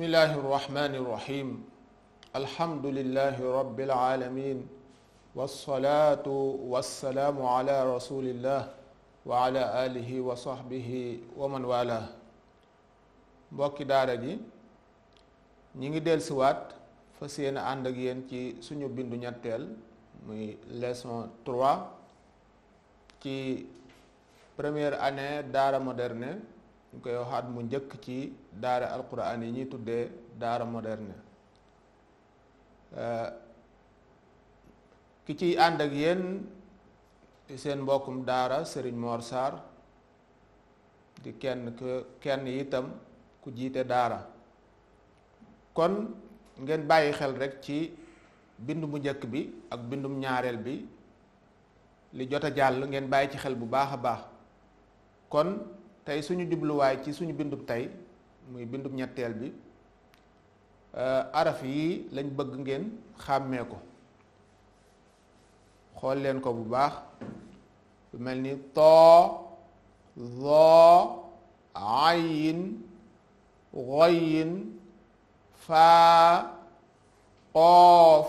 بسم الله الرحمن الرحيم الحمد لله رب العالمين والصلاة والسلام على رسول الله وعلى آله وصحبه ومن والاه بوكي دارا دي نيغي ديل سوات فسينا اندك كي تي سونو بيندو نياتل مي ليسون 3 كي première année d'art moderne ñu koy waxaat mu njëkk ci daara alquran yi ñuy tuddee daara moderne euh, ki ciy ànd ak yéen seen mbokkum daara sëriñ mor saar di kenn ke kenn itam ku jiite daara kon ngeen bàyyi xel rek ci bind bu njëkk bi ak bindum ñaareel bi li jot a jàll ngeen bàyyi ci xel bu baax a baax kon tey suñu jubluwaay ci suñu bindub tay, muy bindub ñetteel bi euh, araf yi lañ bëgg ngeen xàmmee ko xool leen ko bu baax lu mel ni too ayin goyin faa qoof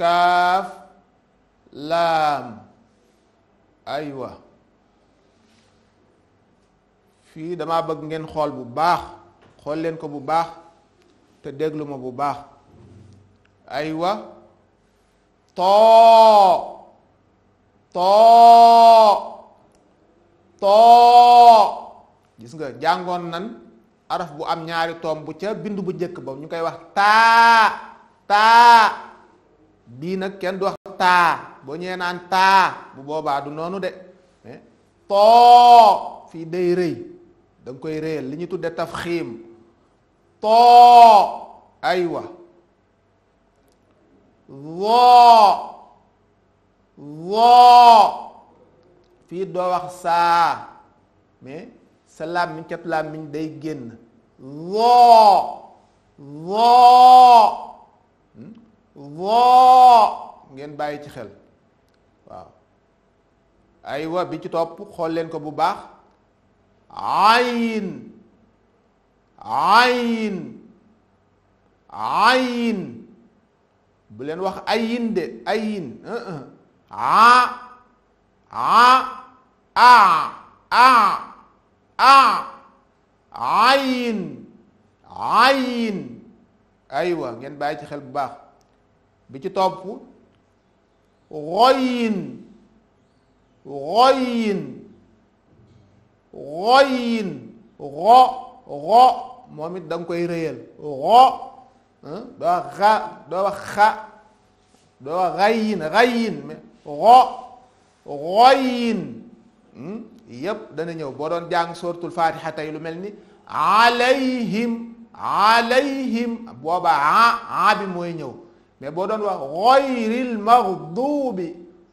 kaaf laam aywa fii damaa bëgg ngeen xool bu baax xool leen ko bu baax te déglu ma bu baax aywa too too too gis nga jàngoon nan araf bu am ñaari toom bu ca bind bu njëkk ba ñu koy wax taa taa bii nag kenn du wax taa boo ñëwee naan taa bu boobaa du noonu de eh? too fii day rëy da koy réyal li ñu tudde tafxiim too aywa woo woo fii doo wax saa mais sa làmmiñ cat làmmiñ day génn woo woo hmm? woo ngeen bàyyi ci xel waaw aywa bi ci topp xool leen ko bu baax عين عين عين bu leen wax ayin de ayin a a a a ci xel bu baax bi ci topp ghoyin ghoyin غين غ غ موميت دانكوي ريال غ دو غ دو خ دو غين غين غ غين ياب دا نيو بودون جان سوره الفاتحه تاي لو ملني عليهم عليهم بوبا ع ابي موي نيو مي بودون وا غير المغضوب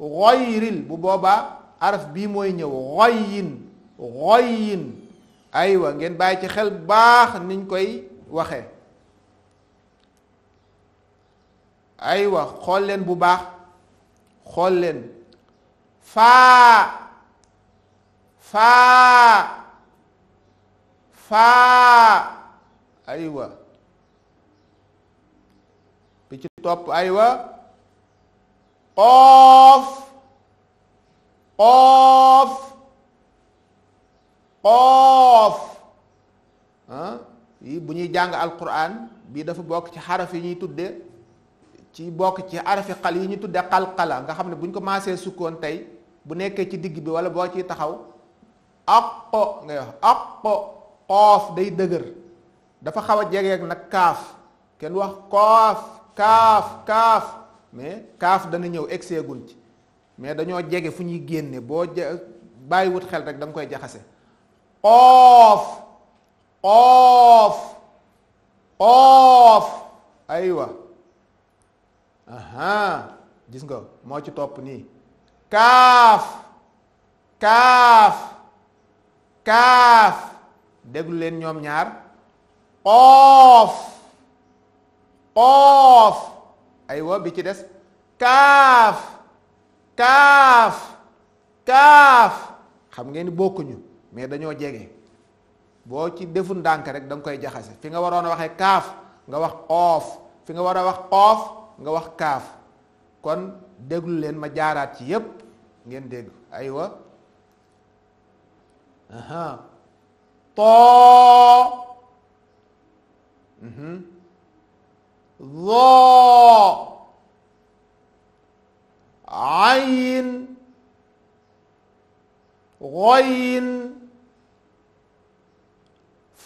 غير بوبا عرف بي موي نيو غين xoyin aywa ngeen bàyyi ci xel baax niñ koy waxe aywa xool leen bu baax xool leen faa faa faa aywa bi ci topp aywa qoof qoof qoof ah, bu ñuy jàng alquran bii dafa bokk ci xaraf yi ñuy tudde ci bokk ci xarafi xal yi ñu tudde xalqala nga xam ne bu ñu ko maasee sukkoon tey bu nekkee ci digg bi wala boo ciy taxaw aqo ngay wax day dëgër dafa xaw a jegeeg nag kaaf kenn wax koof kaaf kaaf mais kaaf dana ñëw egseegun ci mais dañoo jege fu ñuy génne boo bàyyi wut xel rek da koy jaxase Off, off, off, ayo wa, ah. aha, jisngga, mau cito apu ni, kaf, kaf, kaf, de bulen yo miar, off, off, ayo wa ah, biket es, kaf, kaf, kaf, kamu geng bokunyu. mais dañoo jege boo ci defu ndànk rek danga koy jaxase fi nga waroon a waxee kaaf nga wax oof fi nga war a wax oof nga wax kaaf kon déglu leen ma jaaraat ci yépp ngeen dégg aywa aha too mhm. zoo ayin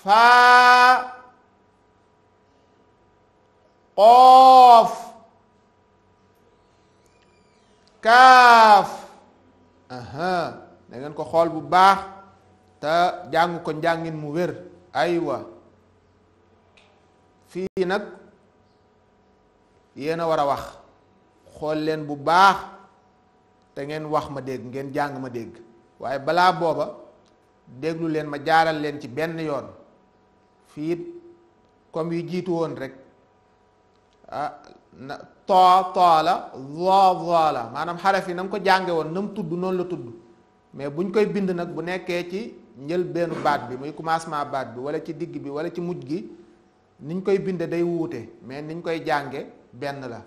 fa qaf kaf, aha da ngeen ko xol bu baax ta jang ko jangin mu wer aywa fii nag yéen madeg, war wax xol len bu baax te ngeen wax ma deg ngeen jang ma deg waye bala boba deglu len ma jaaral len ci ben yoon fii it comme yu jiitu woon rek ah na too toola zoo la maanaam xaraf yi na nga ko jànge woon na mu tudd noonu la tudd mais buñ koy bind nag bu nekkee ci njël benn baat bi muy commencement baat bi wala ci digg bi wala ci mujj gi niñ koy binde day wuute mais niñ koy jànge benn la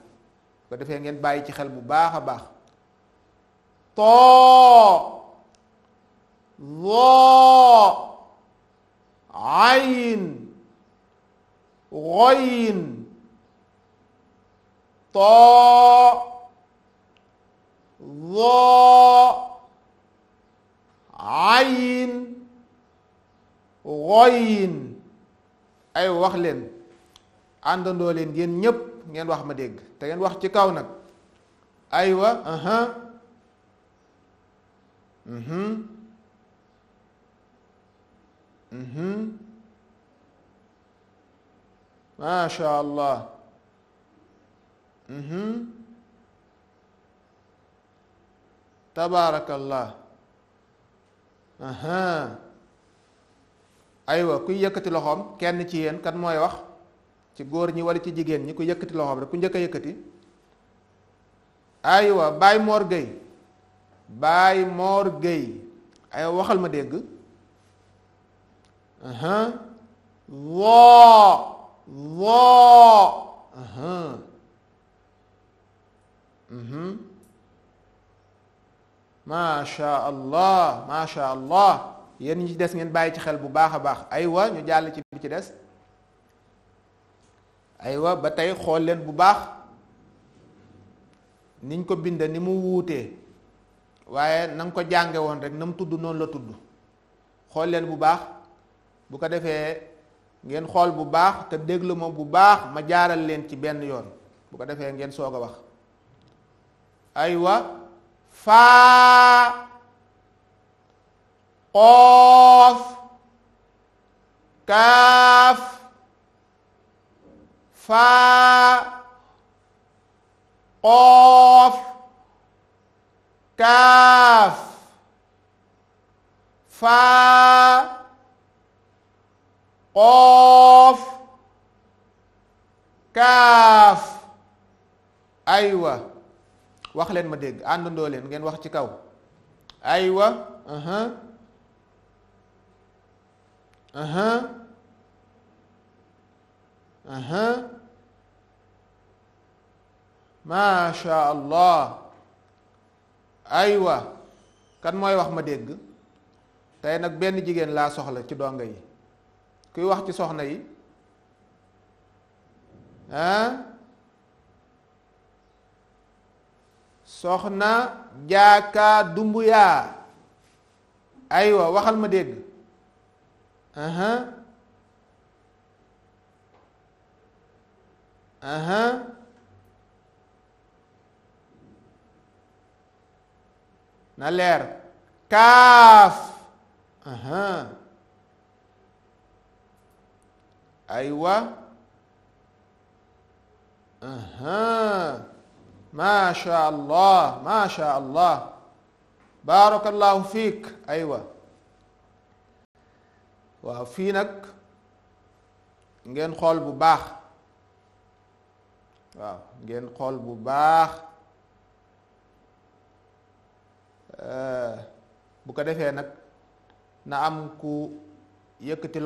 ko defee ngeen bàyyi ci xel bu baax a baax too zoo عين غين طاء ضاء عين غين ay wax leen àndandoo leen yéen ñépp ngeen wax ma dégg te ngeen wax ci kaw nag aywa uh huh اها ما شاء الله اها تبارك الله aha aywa kuy yëkkati loxoom kenn ci yéen kan mooy wax ci góor ñi wala ci jigéen ñi ku yëkkati loxoom rek ku njëkk a yëkkati aywa Baye Mor Gueye Baye Mor Gueye ay waxal ma dégg Aham. Ló. Ló. Aham. Mhm. Uhum. allah macha yéen ñi ci des ngeen bàyyi ci xel bu baax a baax aywa ñu jàll ci bi ci des aywa ba tey xool leen bu baax niñ ko bind ni mu wuutee waaye na ko jànge woon rek na mu tudd noonu la tudd xool leen bu baax bu ko defee ngeen xool bu baax te déglu ma bu baax ma jaaral leen ci benn yoon bu ko defee ngeen soog a wax aywa faa qoof kaaf faa qoof kaaf faa qoof kaaf aywa wax ma dégg àndandoo leen ngeen wax ci kaw aywa aha aha maasha allah aywa kan mooy wax ma dégg tey nag benn jigéen laa soxla ci dongo yi kuy wax ci soxna yi ah soxna jaaka dumbuyaa aywa waxal ma dégg na leer kaaf aha أيوة أها ما شاء الله ما شاء الله بارك الله فيك أيوة وفينك نجين خول بو باخ واو نجين خول بو باخ آه، بو نعم كو يكتي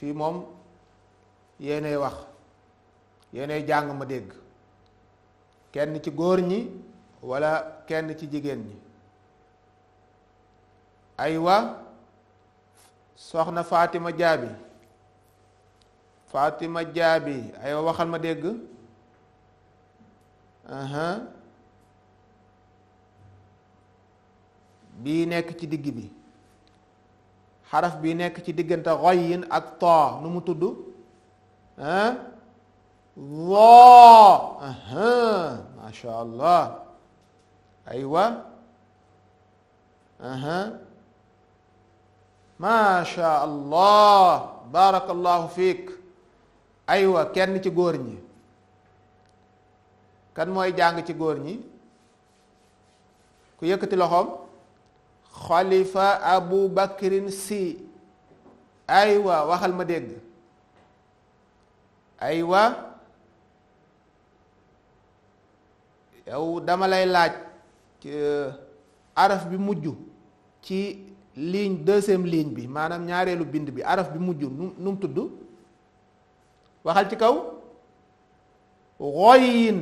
في موم yéenay wax yéenay jàng ma dégg kenn ci góor ñi walla kenn ci jigéen ñi ay aywa soxna Fatima Jaabi Fatima Jaabi aywa waxal ma dégg aha bii nekk ci digg bi xaraf bii nekk ci diggante xoyin ak too nu mu tudd ظا أه. ما شاء الله أيوة أها ما شاء الله بارك الله فيك أيوة كان تقولني كان موي جانج تقولني كي يكتي لهم خليفة أبو بكر سي أيوة وخل مدق aywa yow dama lay laaj euh, araf bi mujj ci ligne deuxième ligne bi maanaam ñaareelu bind bi araf bi mujj nu nu mu tudd waxal ci kaw xooyin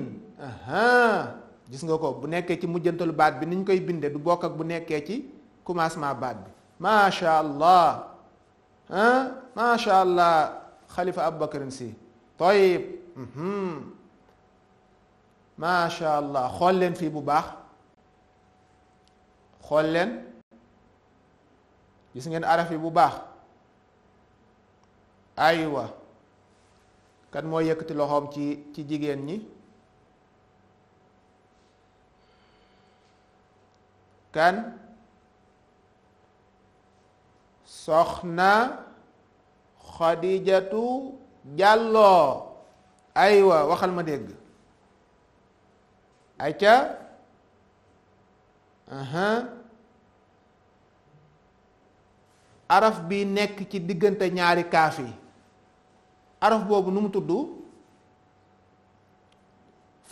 gis nga ko bu nekkee ci mujjantalu baat bi ni ñu koy bindee du bokk ak bu nekkee ci commencement baat bi macha allah ah allah xalifa Aboubacar si Taib. macha allah xool leen fii bu baax xool leen gis ngeen aywa kan moo yëkkati loxoom ci ci jigéen ñi kan soxna xadijatu jàlloo aywa waxal ma dégg ca araf bi nekk ci diggante ñaari kaaf yi araf boobu nu mu tudd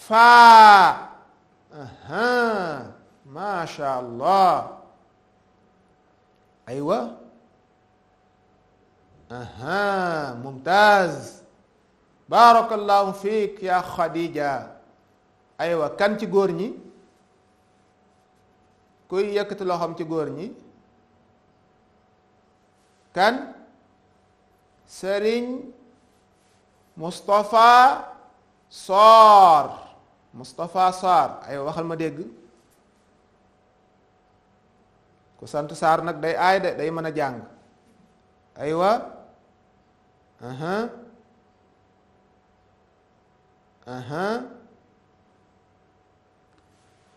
faa masha allah aywa Aha, mumtaz. Barakallahu fiik ya Khadija. Aywa kan ci gor ñi kuy yëkkati loxam ci gor ñi kan Serigne Mustafa Sar Mustafa Sar ay waxal ma dégg ku sant Sar nak day ay de day mëna jang. Aywa, aywa Aha. Aha.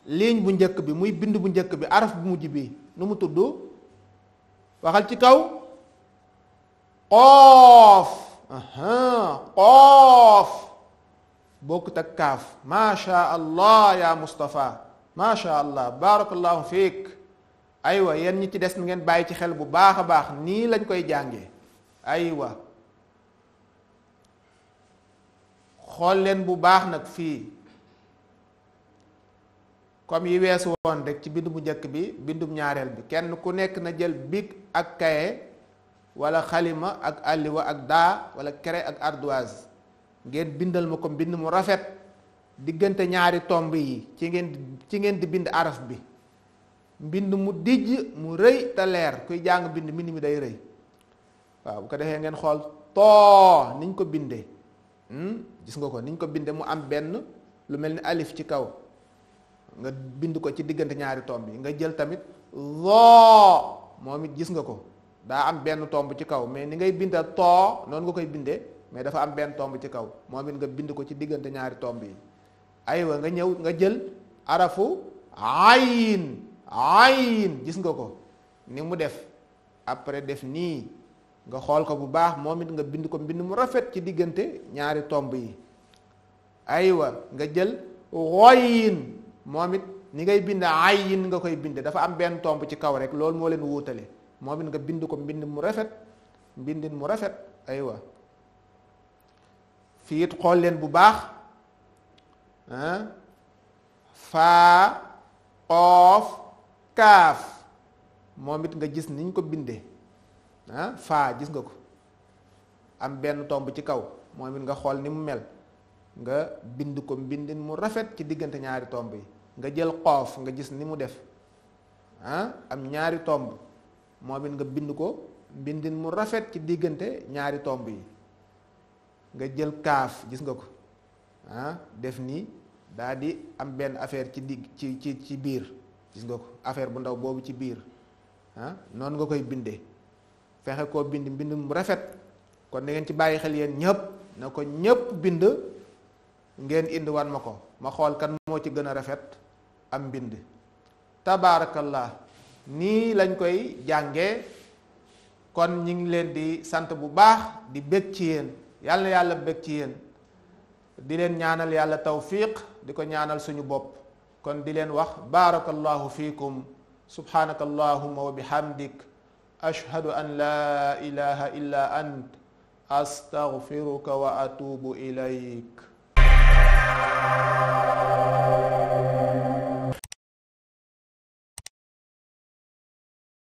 ligne bu ñëk bi muy bind bu ñëk bi araf bu mujj bi nu mu tuddu waxal ci kaw qaf aha bokku bokkut kaf ma sha allah ya mustafa sha allah barakallahu fiik aywa yen ñi ci dess ngeen bayyi ci xel bu baaxa baax ni lañ koy aywa xool leen bu baax nag fii comme yi weesu woon rek ci bind bu njëkk bi bindum ñaareel bi kenn ku nekk na jël bic ak kaye wala xalima ak àlliwa ak daa wala craie ak ardoise ngeen bindal ma ko mbind mu rafet diggante ñaari tomb yi ci ngeen ci ngeen di bind araf bi mbind mu dijj mu rëy te kuy jàng bind mbind mi day rëy waaw bu ko defee ngeen xool too niñ ko bindee Hmm? gis nga ko niñ ko bindee mu am benn lu mel ni alif ci kaw nga bind ko ci diggante ñaari tomb yi nga jël tamit zoo moom it gis nga ko daa am benn tomb ci kaw mais ni ngay bindee too noonu nga koy bindee mais dafa am benn tomb ci kaw moom it nga bind ko ci diggante ñaari tomb yi aywa nga ñëw nga jël arafu ayin ayin gis nga ko ni mu def après def nii nga xool ko bu baax moom it nga bind ko mbind mu rafet ci diggante ñaari tomb yi aywa nga jël xooyin moom it ni ngay bind ayin nga koy bind dafa am benn tomb ci kaw rek loolu moo leen wuutale moom it nga bind ko mbind mu rafet mbindin mu rafet aywa fii it xool leen bu baax faa xoof kaaf moom it nga gis niñ ko bindee ah faa gis nga ko am benn tomb ci kaw moom it nga xool ni mu mel nga bind ko mbindin mu rafet ci diggante ñaari tomb yi nga jël xoof nga gis ni mu def ah am ñaari tomb moom it nga bind ko bindin mu rafet ci diggante ñaari tomb yi nga jël kaaf gis nga ko ah def nii daldi am benn affaire ci digg ci ci ci biir gis nga ko affaire bu ndaw boobu ci biir ah noonu nga koy bindee fexe ko bind mbind mu rafet kon na ci bàyyi xel yéen ñëpp na ko ñëpp bind ngeen indiwaat ma ko ma xool kan moo ci gën a rafet am mbind tabaarakallah nii lañ koy jànge kon ñi ngi leen di sant bu baax di bég ci yéen yàlla yàlla bég ci yéen di leen ñaanal yàlla tawfiq di ko ñaanal suñu bopp kon di leen wax baarakallahu fiikum subhaanaka allahuma wa bihamdik أشهد أن لا إله إلا أنت أستغفرك وأتوب إليك